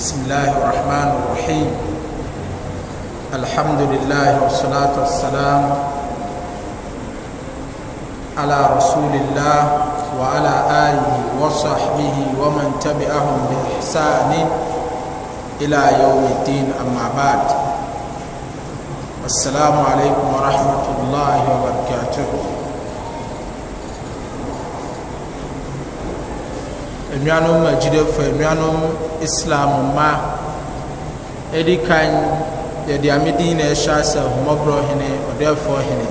بسم الله الرحمن الرحيم الحمد لله والصلاة والسلام على رسول الله وعلى آله وصحبه ومن تبعهم بإحسان إلى يوم الدين أما بعد السلام عليكم ورحمة الله وبركاته nnuanom agyidefo nnuanom islam mmaa ɛdi kan yɛde amedin na ɛhyɛ asɛ homɔborɔ hene ɔdɛɛfoɔ hene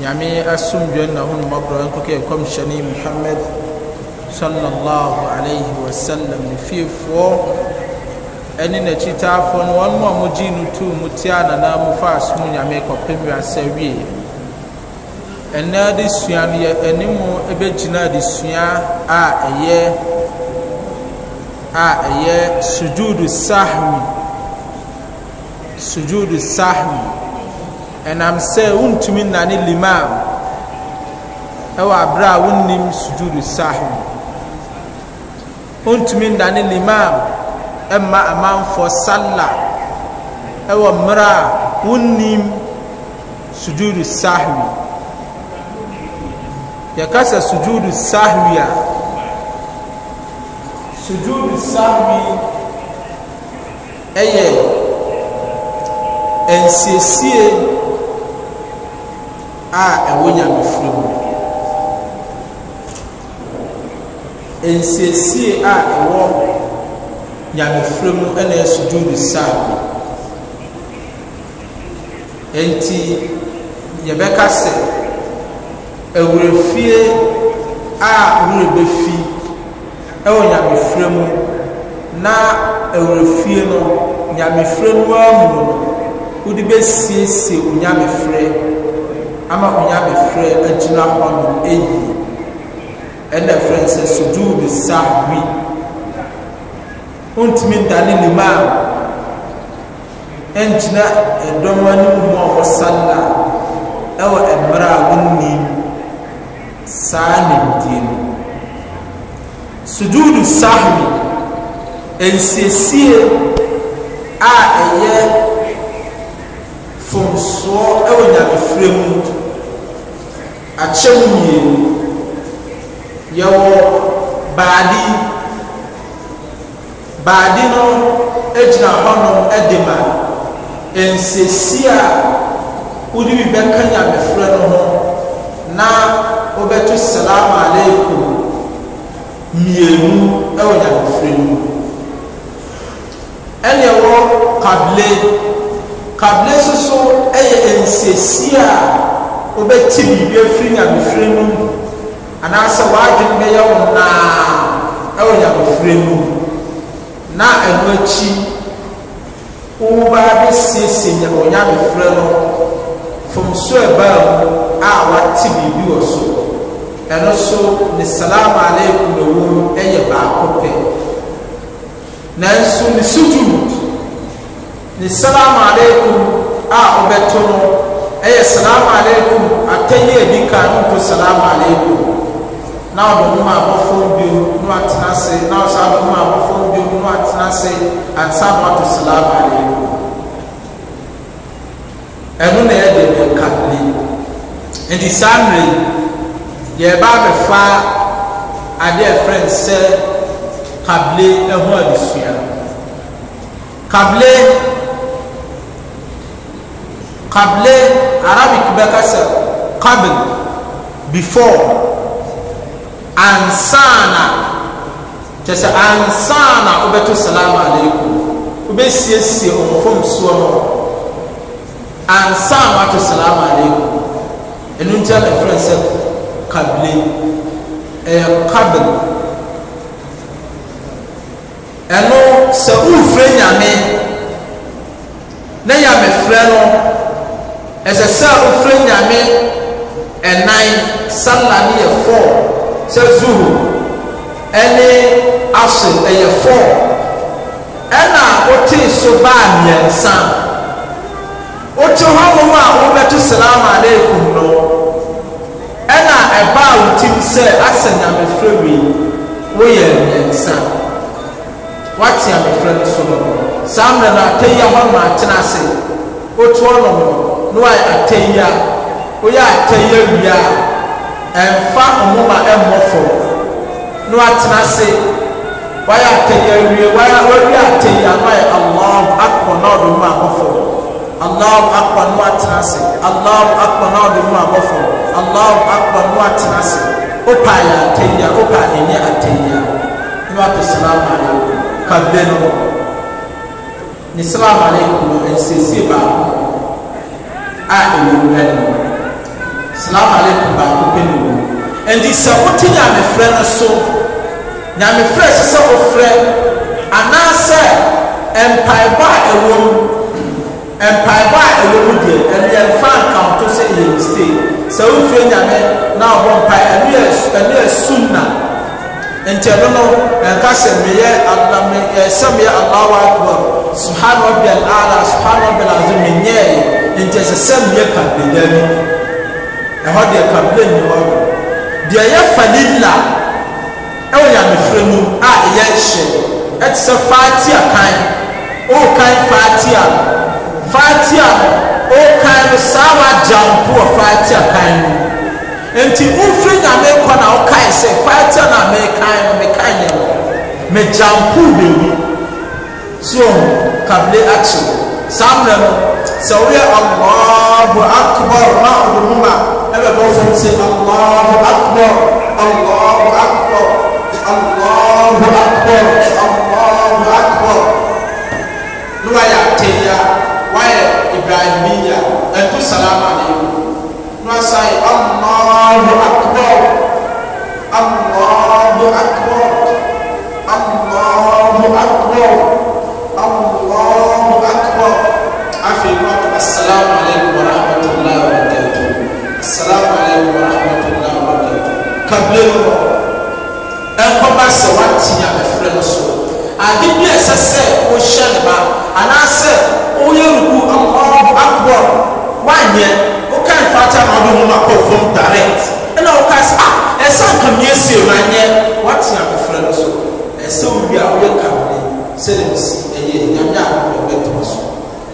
nyame asomdwa na ho nomɔborɔ nkɔkɛ ɛkɔmhyɛne muhammad sallallahu alaihi wasallam ne fiefoɔ ɛne n'akyitaafoɔ no wɔn mu a mogyii no tuu mu tia nana mu fa asom nyame kɔpem wiasɛ wie ɛnna adesua no yɛ anim bɛgyina adesua a ɛyɛ a ɛyɛ sujudu sahwi sujudu sahwi ɛnam sɛ wontumi nnane limam ɛwɔ aberɛ a wonnim sujudu sahwi wontumi nnane limam ɛma amanfoɔ salla ɛwɔ mmerɛ a wonnim sujudu sahwi yɛkasa sujudu sahwi a sujudu sahwi ɛyɛ nsiesie a ɛwɔ nyamefiri mu nsiesie a ɛwɔ nyamefiri mu ɛna yɛ sujudu sahwi nti yɛbɛka sɛ. awurɛfie a wurɛ fi ɛwɔ nyamefrɛ mu na awurɛfie no nyamefrɛ no amu no wode bɛsiesie wo nyamefrɛ ama wo nyamefrɛ agyina hɔ no ɛyie ɛna ɛfrɛ no sɛ sujuudu sahwi wontumi ntane nim a ɛnkyina ɛdɔm anim mu a wɔsalla ɛwɔ ɛmmerɛ a wonni sujudu sahwi nsiesie a ɛyɛ fomsoɔ ɛwɔ nyamefrɛ mu akyɛw mmienu yɛwɔ baadi baadi no gyina hɔnom de ma nsiesie a wode bi bɛka nyamefrɛ no ho na wobɛto salamu aleikum mmienu ɛwɔ nyamefrɛ no mu ɛne ɛwɔ kable kable soso ɛyɛ nsiesie a wobɛti biribi afiri nyamefrɛ no mu anaasɛ w'adwene bɛyɛ wo naa ɛwɔ nyamefrɛ no mu na ɛno akyi wo baa bɛsiesie nyamefrɛ no fom so ɛbaa mu a wate biribi wɔ so ɛno so ne salamu aleikum na wɔm yɛ baako pɛ nanso ne sujud ne salamu aleikum a ɔbɛto no ɛyɛ salamu aleikum atɛyi adi kan no mpo salamu aleikum na ɔde nwoma abɔfra bio na watena ase na ɔsɛ ɔde nwoma abɔfra bio na watena ase ansa na wato salamu aleikum ɛno na yɛ de ɛka ne nti saa mmerɛ yɛreba abɛfa adeɛ ɛfrɛ no sɛ kable ho adesua kable kable arabic bɛka sɛ kable before ansana kyɛ sɛ ansana wobɛto salamu aleikum wobɛsiesie ɔmfomsoɔ no ansana wato salamu aleikum ɛno nti ana ɛfrɛ sɛ kabile ɛyɛ eh, kabel ɛno sɛ wofrɛ nyame na yamefrɛ no ɛsɛ sɛ wofrɛ nyame ɛnan sala ne yɛ fɔ sɛ zuhu ɛne asr ɛyɛ fɔ ɛna wotee so baa mmiɛnsa wote hɔ mom a wobɛto salamu aleikum ɛbaa wo tim sɛ asɛ nyamefrɛ wei woyɛ mmiɛnsa wate amefrɛ no so no saa mmerɛ no atɛyi a hɔnom atena ase wotu hɔnom no na wayɛ atɛyi a woyɛ atɛyi awie a ɛmfa ɔmoma ɛmmɔ fam na watena ase wayɛ atɛyi awie wawie atɛyi a na wayɛ allahu akɔ na ɔde mu abɔ fam allahu akpa no atena ase allahu akpa no ɔde mu abɔ allahu akpa no atena ase opa ayɛ atɛnya opa ɛnyɛ atɛnya ne wato salamu alaikum kabɛ no ne salamu alaikum no nsiesie baako a ɛwɔ mu ɛno salamu alaikum baako pɛ no mu nti sɛ wote nyamefrɛ no so nyamefrɛ sɛ wofrɛ anaasɛ mpaebɔ ɛwɔ mu mpaebɔ a ɛwɔ mu deɛ ɛno yɛ mfa nkanto sɛ yɛ mistake sɛ wofie nyame na ɔbɔ mpae ɛno yɛ ɛno yɛ sunna nti ɛno no ɛnka eh, sɛ meyɛ anam ɛsɛ meyɛ eh, allahu akbar subhana rabbi ala subhana rabbi alazim menyɛɛ nti ɛsɛ sɛ meyɛ kampenya bi ɛhɔ deɛ kampenya nni hɔ eh, deɛ yɛ falila ɛwɔ nyamefrɛ mu a ah, ɛyɛ hyɛ ɛte sɛ faati akan ɔɔkan oh, faati a fatia ɔkan no saa wagya mpo wɔ fatia kan no nti mfiri nyame kɔ na ɔkae sɛ fatia na mɛkan no mɛkan yɛ no mɛgya mpo bɛwi so kable akyi saa mmerɛ no sɛ woyɛ allahu akbar na ɔde mu ma ɛbɛbɔ fam sɛ allahu akbar allahu akbar allahu akbar salamu alaykum nọọsa yi Allahu akbar Allahu akbar Allahu akbar Allahu akbar afi nọọsa assalamu alaykum wa rahmatullahi wa barakatuh assalamu alaykum wa rahmatullahi wa barakatuh kabiru ɛnkɔba sɛ wa ti a bɛ filɛ no so adi bi ɛsɛ sɛ o hyɛ ne ba woanyɛ woka mfata na wode nwoma kɔ fam direct ɛna woka sɛ a ɛsɛ nkamiɛsie no anyɛ woate abɛfrɛ no so ɛsɛ wo wie a woyɛ kamene sɛde mesi ɛyɛ nyame a wɔbɛtoma so